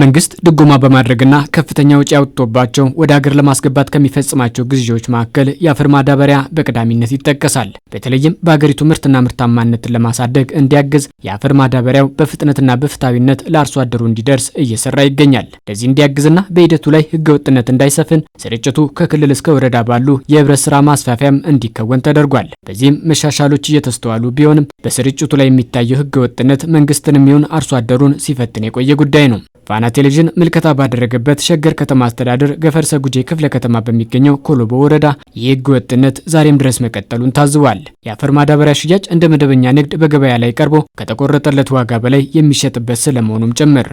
መንግስት ድጎማ በማድረግና ከፍተኛ ውጪ ያወጥቶባቸው ወደ ሀገር ለማስገባት ከሚፈጽማቸው ግዢዎች መካከል የአፈር ማዳበሪያ በቀዳሚነት ይጠቀሳል። በተለይም በሀገሪቱ ምርትና ምርታማነትን ለማሳደግ እንዲያግዝ የአፈር ማዳበሪያው በፍጥነትና በፍትሐዊነት ለአርሶ አደሩ እንዲደርስ እየሰራ ይገኛል። ለዚህ እንዲያግዝና በሂደቱ ላይ ህገወጥነት እንዳይሰፍን ስርጭቱ ከክልል እስከ ወረዳ ባሉ የህብረት ስራ ማስፋፊያም እንዲከወን ተደርጓል። በዚህም መሻሻሎች እየተስተዋሉ ቢሆንም በስርጭቱ ላይ የሚታየው ህገወጥነት መንግስትንም ይሁን አርሶ አደሩን ሲፈትን የቆየ ጉዳይ ነው። ፋና ቴሌቪዥን ምልከታ ባደረገበት ሸገር ከተማ አስተዳደር ገፈርሰ ጉጄ ክፍለ ከተማ በሚገኘው ኮሎቦ ወረዳ የህገ ወጥነት ዛሬም ድረስ መቀጠሉን ታዝቧል። የአፈር ማዳበሪያ ሽያጭ እንደ መደበኛ ንግድ በገበያ ላይ ቀርቦ ከተቆረጠለት ዋጋ በላይ የሚሸጥበት ስለመሆኑም ጭምር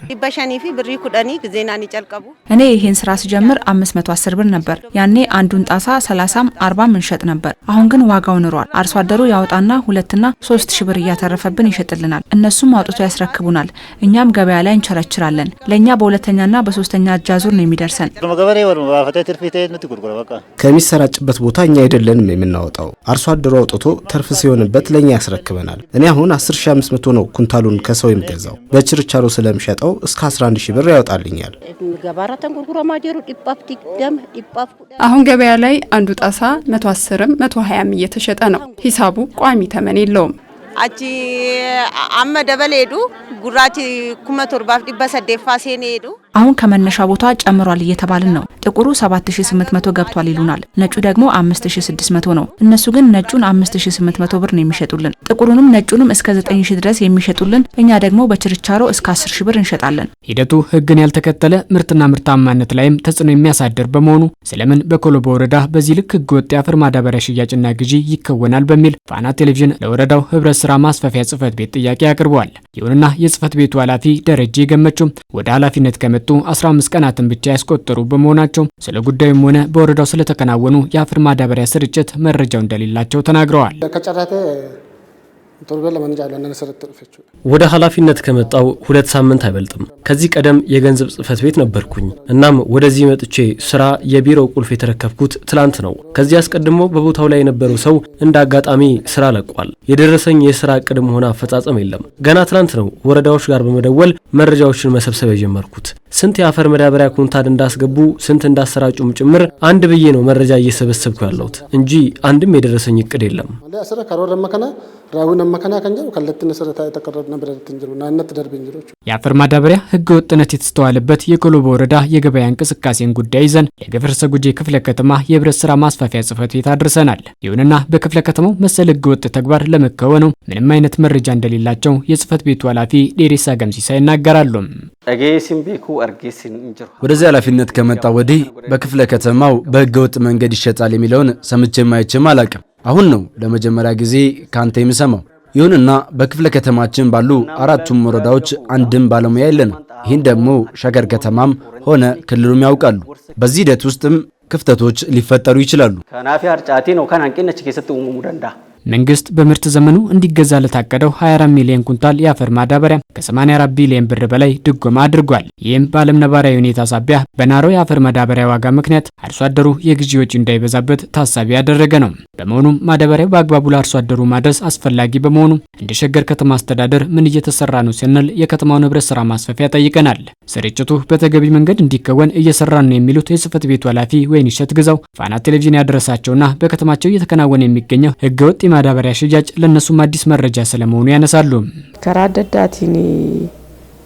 እኔ ይህን ስራ ስጀምር 510 ብር ነበር። ያኔ አንዱን ጣሳ 30 40 እንሸጥ ነበር። አሁን ግን ዋጋው ንሯል። አርሶ አደሩ ያወጣና ሁለትና ሶስት ሺ ብር እያተረፈብን ይሸጥልናል። እነሱም አውጥቶ ያስረክቡናል። እኛም ገበያ ላይ እንቸረችራለን። ለእኛ በሁለተኛና በሶስተኛ እጃዙር ነው የሚደርሰን። ከሚሰራጭበት ቦታ እኛ አይደለንም የምናወጣው፣ አርሶ አደሩ አውጥቶ ትርፍ ሲሆንበት ለእኛ ያስረክበናል። እኔ አሁን 10500 ነው ኩንታሉን ከሰው የምገዛው። በችርቻሮ ስለምሸጠው እስከ 11000 ብር ያወጣልኛል። አሁን ገበያ ላይ አንዱ ጣሳ 110ም 120ም እየተሸጠ ነው። ሂሳቡ ቋሚ ተመን የለውም። achi amma dabaleedhu gurraachi kuma torbaaf dhibba saddeeffaa seenee jedhu አሁን ከመነሻ ቦታ ጨምሯል እየተባልን ነው። ጥቁሩ 7800 ገብቷል ይሉናል፣ ነጩ ደግሞ 5600 ነው። እነሱ ግን ነጩን 5800 ብር ነው የሚሸጡልን፣ ጥቁሩንም ነጩንም እስከ 9000 ድረስ የሚሸጡልን፣ እኛ ደግሞ በችርቻሮ እስከ 10000 ብር እንሸጣለን። ሂደቱ ህግን ያልተከተለ ምርትና ምርታማነት ላይም ተጽዕኖ የሚያሳድር በመሆኑ ስለምን በኮሎቦ ወረዳ በዚህ ልክ ወጥ የአፈር ማዳበሪያ ሽያጭና ግዢ ይከወናል በሚል ፋና ቴሌቪዥን ለወረዳው ህብረት ስራ ማስፋፊያ ጽህፈት ቤት ጥያቄ አቅርበዋል። ይሁንና የጽህፈት ቤቱ ኃላፊ ደረጀ ገመቹም ወደ ኃላፊነት ከመ ከመጡ 15 ቀናትን ብቻ ያስቆጠሩ በመሆናቸው ስለ ጉዳዩም ሆነ በወረዳው ስለተከናወኑ የአፈር ማዳበሪያ ስርጭት መረጃው እንደሌላቸው ተናግረዋል። ወደ ኃላፊነት ከመጣው ሁለት ሳምንት አይበልጥም። ከዚህ ቀደም የገንዘብ ጽህፈት ቤት ነበርኩኝ። እናም ወደዚህ መጥቼ ስራ የቢሮ ቁልፍ የተረከብኩት ትላንት ነው። ከዚህ አስቀድሞ በቦታው ላይ የነበረው ሰው እንደ አጋጣሚ ስራ ለቋል። የደረሰኝ የስራ ቅድም ሆነ አፈጻጸም የለም። ገና ትላንት ነው ወረዳዎች ጋር በመደወል መረጃዎችን መሰብሰብ የጀመርኩት። ስንት የአፈር መዳበሪያ ኩንታል እንዳስገቡ ስንት እንዳሰራጩም ጭምር አንድ ብዬ ነው መረጃ እየሰበሰብኩ ያለሁት እንጂ አንድም የደረሰኝ እቅድ የለም። የአፈር ማዳበሪያ ህገ ወጥነት የተስተዋለበት የኮሎቦ ወረዳ የገበያ እንቅስቃሴን ጉዳይ ይዘን የገፈርሰ ጉጄ ክፍለ ከተማ የህብረት ስራ ማስፋፊያ ጽህፈት ቤት አድርሰናል። ይሁንና በክፍለ ከተማው መሰል ህገ ወጥ ተግባር ለመከወኑ ምንም አይነት መረጃ እንደሌላቸው የጽህፈት ቤቱ ኃላፊ ዴሬሳ ገምሲሳ ይናገራሉ። ወደዚህ ኃላፊነት ከመጣ ወዲህ በክፍለ ከተማው በህገወጥ መንገድ ይሸጣል የሚለውን ሰምቼም አይቼም አላቅም። አሁን ነው ለመጀመሪያ ጊዜ ከአንተ የምሰማው። ይሁንና በክፍለ ከተማችን ባሉ አራቱም ወረዳዎች አንድም ባለሙያ የለንም። ይህን ደግሞ ሸገር ከተማም ሆነ ክልሉም ያውቃሉ። በዚህ ሂደት ውስጥም ክፍተቶች ሊፈጠሩ ይችላሉ። መንግስት በምርት ዘመኑ እንዲገዛ ለታቀደው 24 ሚሊዮን ኩንታል የአፈር ማዳበሪያ ከ84 ቢሊዮን ብር በላይ ድጎማ አድርጓል። ይህም በዓለም ነባራዊ ሁኔታ ሳቢያ በናሮ የአፈር ማዳበሪያ ዋጋ ምክንያት አርሶ አደሩ የግዢ ወጪ እንዳይበዛበት ታሳቢ ያደረገ ነው። በመሆኑም ማዳበሪያው በአግባቡ ለአርሶ አደሩ ማድረስ አስፈላጊ በመሆኑ እንደ ሸገር ከተማ አስተዳደር ምን እየተሰራ ነው ስንል የከተማው ንብረት ስራ ማስፋፊያ ጠይቀናል። ስርጭቱ በተገቢ መንገድ እንዲከወን እየሰራን ነው የሚሉት የጽህፈት ቤቱ ኃላፊ ወይንሸት ግዛው ፋና ቴሌቪዥን ያደረሳቸውና በከተማቸው እየተከናወነ የሚገኘው ህገወጥ የማዳበሪያ ሽያጭ ለእነሱም አዲስ መረጃ ስለመሆኑ ያነሳሉ። ከራደዳቲኒ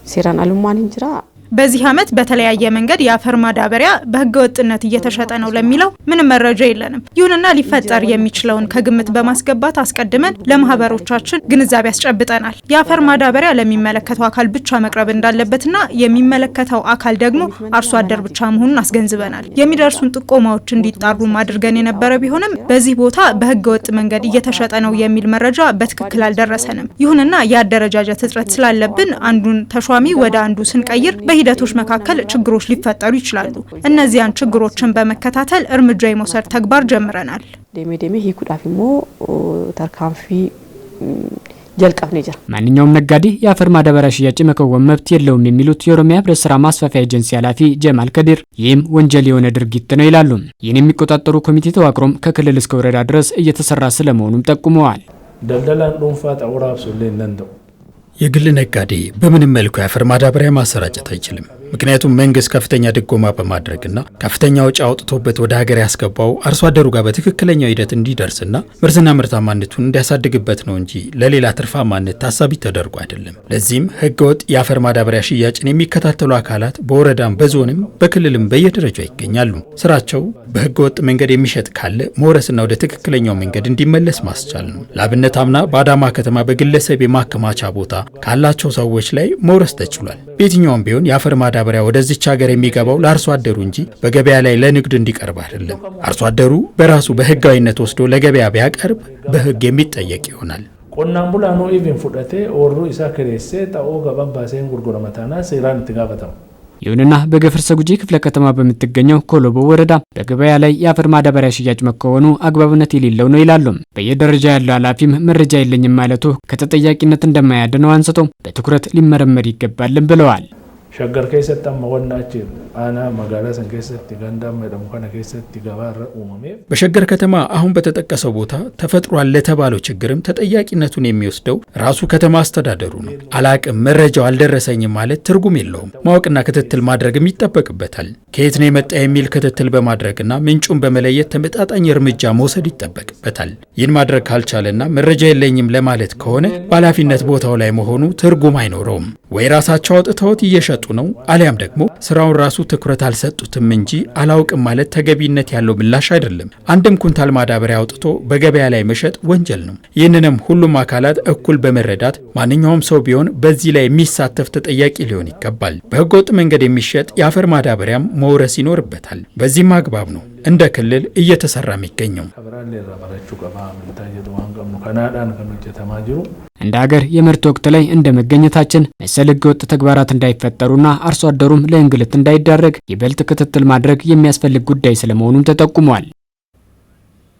siran alummaan hin jiraa? በዚህ ዓመት በተለያየ መንገድ የአፈር ማዳበሪያ በህገ ወጥነት እየተሸጠ ነው ለሚለው ምንም መረጃ የለንም። ይሁንና ሊፈጠር የሚችለውን ከግምት በማስገባት አስቀድመን ለማህበሮቻችን ግንዛቤ ያስጨብጠናል። የአፈር ማዳበሪያ ለሚመለከተው አካል ብቻ መቅረብ እንዳለበትና የሚመለከተው አካል ደግሞ አርሶ አደር ብቻ መሆኑን አስገንዝበናል። የሚደርሱን ጥቆማዎች እንዲጣሩ አድርገን የነበረ ቢሆንም በዚህ ቦታ በህገ ወጥ መንገድ እየተሸጠ ነው የሚል መረጃ በትክክል አልደረሰንም። ይሁንና የአደረጃጀት እጥረት ስላለብን አንዱን ተሿሚ ወደ አንዱ ስንቀይር በሂደቶች መካከል ችግሮች ሊፈጠሩ ይችላሉ። እነዚያን ችግሮችን በመከታተል እርምጃ የመውሰድ ተግባር ጀምረናል። ማንኛውም ነጋዴ የአፈር ማዳበሪያ ሽያጭ መከወን መብት የለውም የሚሉት የኦሮሚያ ህብረት ስራ ማስፋፊያ ኤጀንሲ ኃላፊ ጀማል ከዲር ይህም ወንጀል የሆነ ድርጊት ነው ይላሉ። ይህን የሚቆጣጠሩ ኮሚቴ ተዋቅሮም ከክልል እስከ ወረዳ ድረስ እየተሰራ ስለመሆኑም ጠቁመዋል። ጠውራብሱሌ ነንደው የግል ነጋዴ በምንም መልኩ የአፈር ማዳበሪያ ማሰራጨት አይችልም። ምክንያቱም መንግስት ከፍተኛ ድጎማ በማድረግና ከፍተኛ ወጪ አውጥቶበት ወደ ሀገር ያስገባው አርሶ አደሩ ጋር በትክክለኛው ሂደት እንዲደርስና ምርትና ምርታማነቱን እንዲያሳድግበት ነው እንጂ ለሌላ ትርፋማነት ታሳቢ ተደርጎ አይደለም። ለዚህም ህገወጥ የአፈር ማዳበሪያ ሽያጭን የሚከታተሉ አካላት በወረዳም በዞንም በክልልም በየደረጃው ይገኛሉ። ስራቸው በህገወጥ መንገድ የሚሸጥ ካለ መውረስና ወደ ትክክለኛው መንገድ እንዲመለስ ማስቻል ነው። ለአብነት አምና በአዳማ ከተማ በግለሰብ የማከማቻ ቦታ ካላቸው ሰዎች ላይ መውረስ ተችሏል። የትኛውም ቢሆን የአፈር ማዳበሪያ ወደዚች ሀገር የሚገባው ለአርሶ አደሩ እንጂ በገበያ ላይ ለንግድ እንዲቀርብ አይደለም። አርሶ አደሩ በራሱ በህጋዊነት ወስዶ ለገበያ ቢያቀርብ በህግ የሚጠየቅ ይሆናል። ቆናን ቡላ ኖ ኢቨን ፉደቴ ወሩ ኢሳክሬሴ ጣኦ ጠኦ ገባን ባሴን ጉርጎረመታና ሴራን ትጋፈተው ይሁንና በገፈርሰ ጉጂ ክፍለ ከተማ በምትገኘው ኮሎቦ ወረዳ በገበያ ላይ የአፈር ማዳበሪያ ሽያጭ መከወኑ አግባብነት የሌለው ነው ይላሉ። በየደረጃ ያለው ኃላፊም መረጃ የለኝም ማለቱ ከተጠያቂነት እንደማያድነው አንስቶ በትኩረት ሊመረመር ይገባልን ብለዋል። ሸገር ከይሰጠም መሆናችን aanaa magaalaa san keessatti gandaam jedhamu kana keessatti በሸገር ከተማ አሁን በተጠቀሰው ቦታ ተፈጥሯል ለተባለው ችግርም ተጠያቂነቱን የሚወስደው ራሱ ከተማ አስተዳደሩ ነው። አላቅም፣ መረጃው አልደረሰኝም ማለት ትርጉም የለውም። ማወቅና ክትትል ማድረግም ይጠበቅበታል። ከየት ነው የመጣ የሚል ክትትል በማድረግና ምንጩን በመለየት ተመጣጣኝ እርምጃ መውሰድ ይጠበቅበታል። ይህን ማድረግ ካልቻለና መረጃ የለኝም ለማለት ከሆነ በኃላፊነት ቦታው ላይ መሆኑ ትርጉም አይኖረውም። ወይ ራሳቸው አውጥተውት እየሸጡ ነው፣ አሊያም ደግሞ ስራውን ራሱ ትኩረት አልሰጡትም እንጂ አላውቅም ማለት ተገቢነት ያለው ምላሽ አይደለም። አንድም ኩንታል ማዳበሪያ አውጥቶ በገበያ ላይ መሸጥ ወንጀል ነው። ይህንንም ሁሉም አካላት እኩል በመረዳት ማንኛውም ሰው ቢሆን በዚህ ላይ የሚሳተፍ ተጠያቂ ሊሆን ይገባል። በህገወጥ መንገድ የሚሸጥ የአፈር ማዳበሪያም መውረስ ይኖርበታል። በዚህም አግባብ ነው እንደ ክልል እየተሰራ የሚገኘው። እንደ ሀገር የምርት ወቅት ላይ እንደ መገኘታችን መሰል ህገወጥ ተግባራት እንዳይፈጠሩና አርሶ አደሩም ለእንግልት እንዳይዳረግ ይበልጥ ክትትል ማድረግ የሚያስፈልግ ጉዳይ ስለመሆኑም ተጠቁሟል።